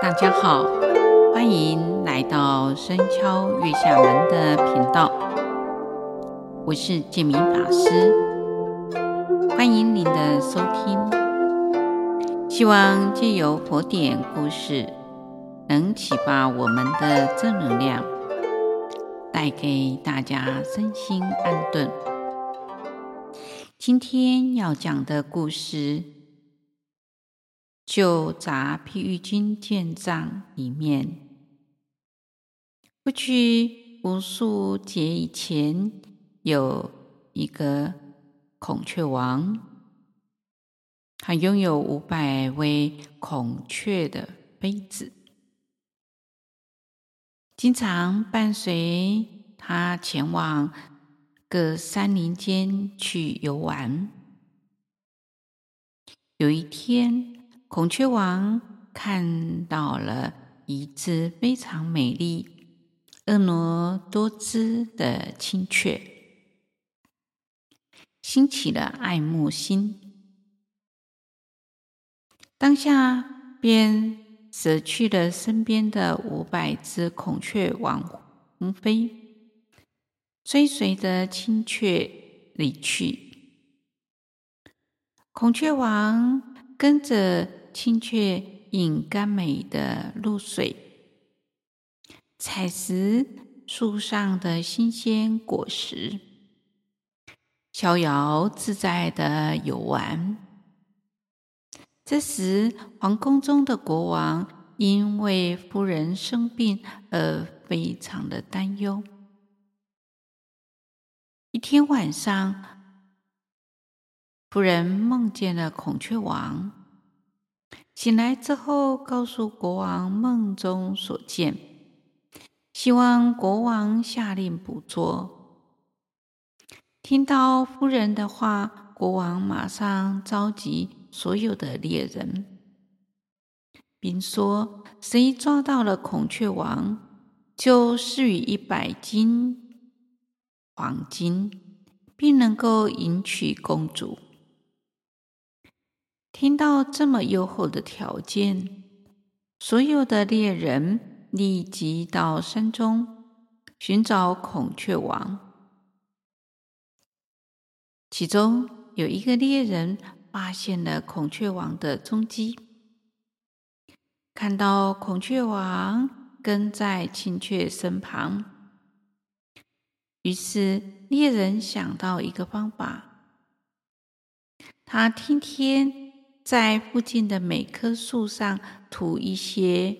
大家好，歡迎來到僧敲月下門的頻道，我是建明法師，歡迎您的收聽，希望借由佛典故事，能啟發我們的正能量，帶給大家身心安頓。今天要講的故事。舊雜譬喻經卷上裡面，過去無數劫以前，有一個孔雀王，他擁有五百位孔雀的妃子，經常伴隨他前往各山林間去遊玩。有一天。孔雀王看到了一隻非常美麗、婀娜多姿的青雀，興起了愛慕心，當下便捨去了身邊的五百隻孔雀王妃，追隨着青雀離去。孔雀王跟着。青雀飲甘美的露水，採食樹上的新鮮果實，逍遙自在的遊玩。這時，皇宮中的國王因為夫人生病而非常的擔憂。一天晚上，夫人夢見了孔雀王。醒來之後，告訴國王夢中所見，希望國王下令捕捉。聽到夫人的話，國王馬上召集所有的獵人，並說：“誰抓到了孔雀王，就賜予一百斤黃金，並能夠迎娶公主。”聽到這麼優厚的條件，所有的獵人立即到山中尋找孔雀王。其中有一個獵人發現了孔雀王的蹤跡，看到孔雀王跟在青雀身旁，於是獵人想到一個方法，他天天，在附近的每棵樹上塗一些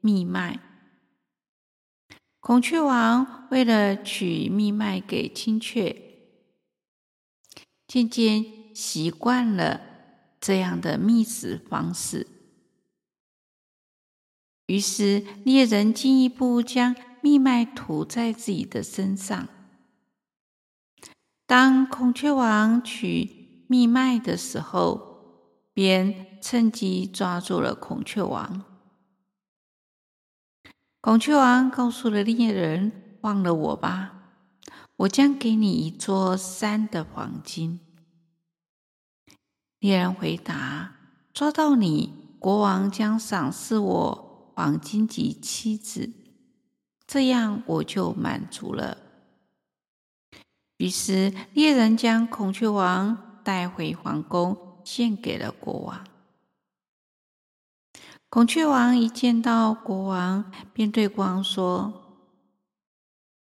蜜麥。孔雀王為了取蜜麥給青雀，漸漸習慣了這樣的覓食方式。於是獵人進一步將蜜麥塗在自己的身上。當孔雀王取蜜麥的時候，便趁機抓住了孔雀王。孔雀王告訴了獵人：“忘了我吧，我將給你一座山的黃金。”獵人回答：“抓到你，國王將賞賜我黃金及妻子，這樣我就滿足了。”於是獵人將孔雀王帶回皇宮。獻給了國王。孔雀王一見到國王，便對國王說：“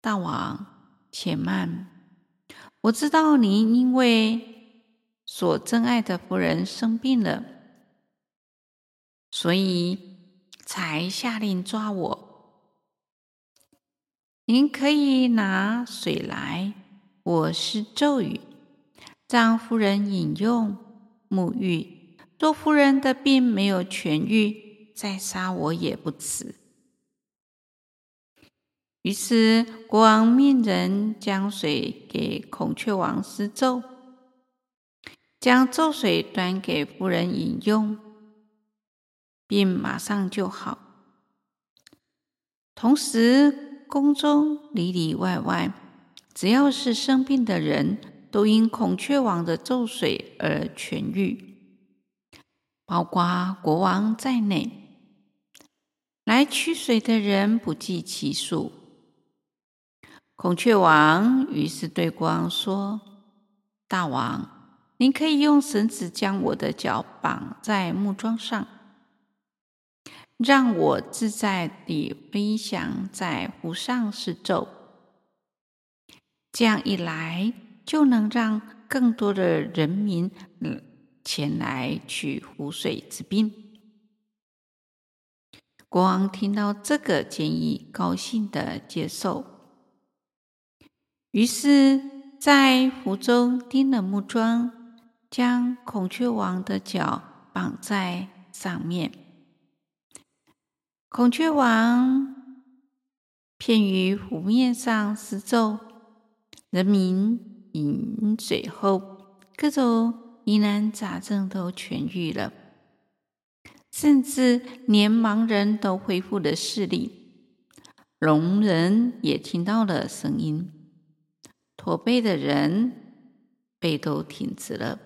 大王，且慢！我知道您因為所珍愛的夫人生病了，所以才下令抓我。您可以拿水來，我施咒語，讓夫人飲用。”沐浴，若夫人的病沒有痊癒，再殺我也不遲。於是國王命人將水給孔雀王施咒，將咒水端給夫人飲用，病馬上就好。同時，宮中裡裡外外，只要是生病的人，都因孔雀王的咒水而痊癒，包括國王在內，來取水的人不計其數。孔雀王於是對國王說：“大王，您可以用繩子將我的腳綁在木樁上，讓我自在地飛翔在湖上施咒。這樣一來。”就能讓更多的人民前來取湖水治病。國王聽到這個建議，高興地接受。於是，在湖中釘了木樁，將孔雀王的腳綁在上面。孔雀王，遍於湖面上施咒，人民。飲水後，各種疑難雜症都痊癒了，甚至連盲人都恢復了視力，聾人也聽到了聲音，駝背的人背都挺直了，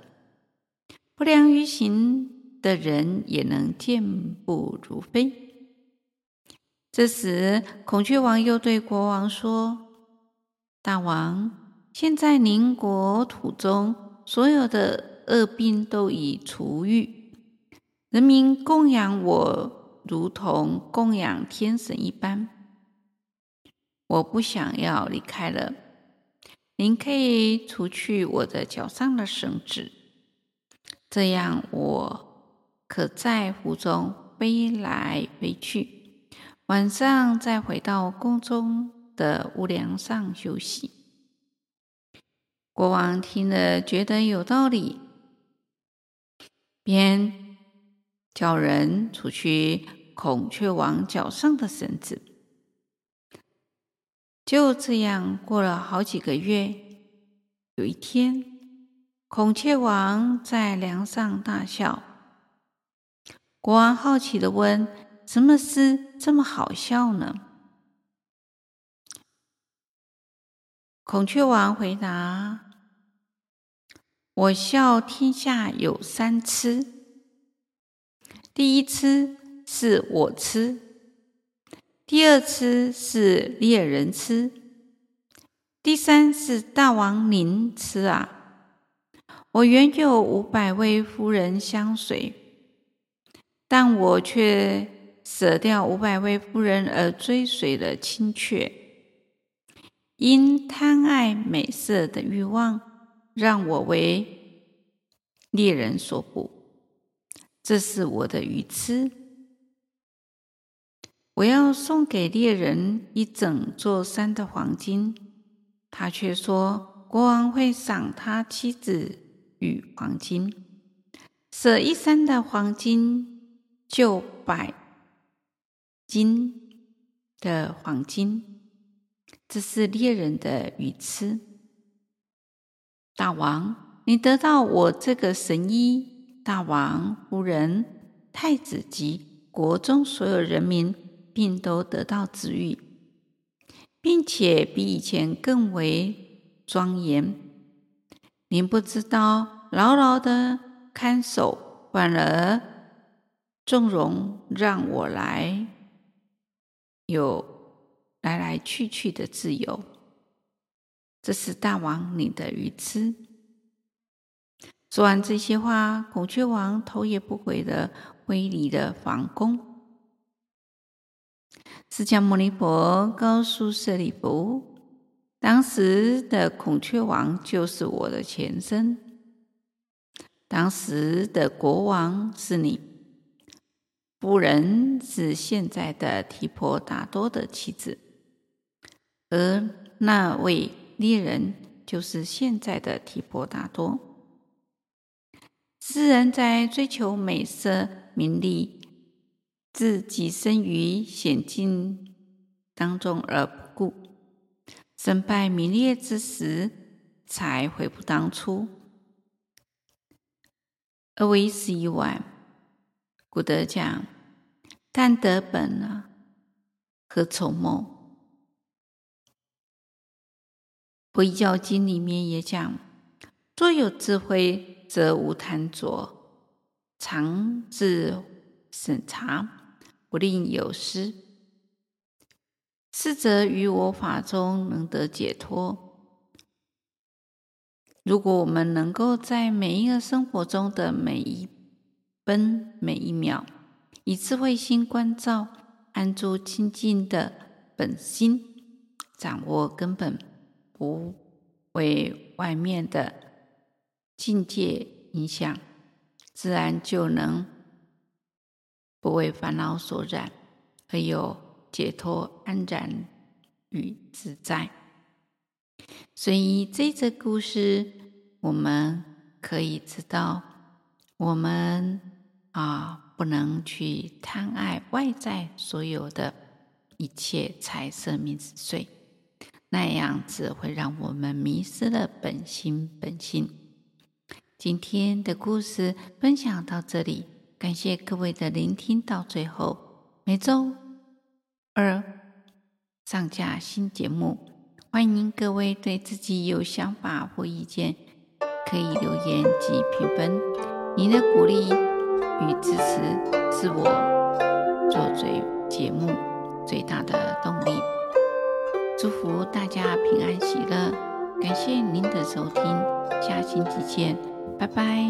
不良於行的人也能健步如飛。這時，孔雀王又對國王說：“大王，”現在，您國土中所有的惡病都已除愈，人民供養我如同供養天神一般。我不想要離開了，您可以除去我的腳上的繩子，這樣我可在湖中飛來飛去，晚上再回到宮中的屋梁上休息。國王聽了，覺得有道理，便叫人除去孔雀王腳上的繩子。就這樣過了好幾個月。有一天，孔雀王在樑上大笑。國王好奇地問：“什麼事這麼好笑呢？”孔雀王回答。我笑天下有三癡，第一癡是我癡，第二癡是獵人癡，第三是大王您癡啊！我原有五百位夫人相隨，但我卻捨掉五百位夫人而追隨了青雀，因貪愛美色的慾望。讓我為獵人所捕，這是我的愚癡。我要送給獵人一整座山的黃金，他卻說國王會賞他妻子與黃金。舍一山的黃金，就百斤的黃金，這是獵人的愚癡。大王，你得到我這個神醫，大王夫人、太子及國中所有人民病都得到治癒，並且比以前更為莊嚴。您不知道，牢牢的看守，反而縱容讓我來有來來去去的自由。這是大王你的愚癡！說完這些話，孔雀王頭也不回地飛離皇宮。釋迦牟尼佛告訴舍利弗，當時的孔雀王就是我的前身，當時的國王是你，夫人是現在的提婆達多的妻子，而那位獵人就是現在的提婆達多。世人，在追求美色、名利，自己身於險境當中而不顧，身敗名裂之時，才悔不當初，而為時已晚。古德講：“但得本了，何愁末？”《遺教經》裡面也講：“若有智慧，則無貪着，常自省察，不令有失。是則於我法中能得解脫。”如果我們能夠在每一個生活中的每一分每一秒，以智慧心觀照，安住清淨的本心，掌握根本。不為外面的境界影響，自然就能不為煩惱所染，而有解脫、安然與自在。所以，這則故事我們可以知道，我們啊不能去貪愛外在所有的一切財色名食睡。那樣只會讓我們迷失了本心。本性。今天的故事分享到這裡，感謝各位的聆聽到最後。每週二上架新節目，歡迎各位對自己有想法或意見，可以留言及評分。您的鼓勵與支持是我做這節目最大的動力。祝福大家平安喜樂，感謝您的收聽，下星期見，拜拜。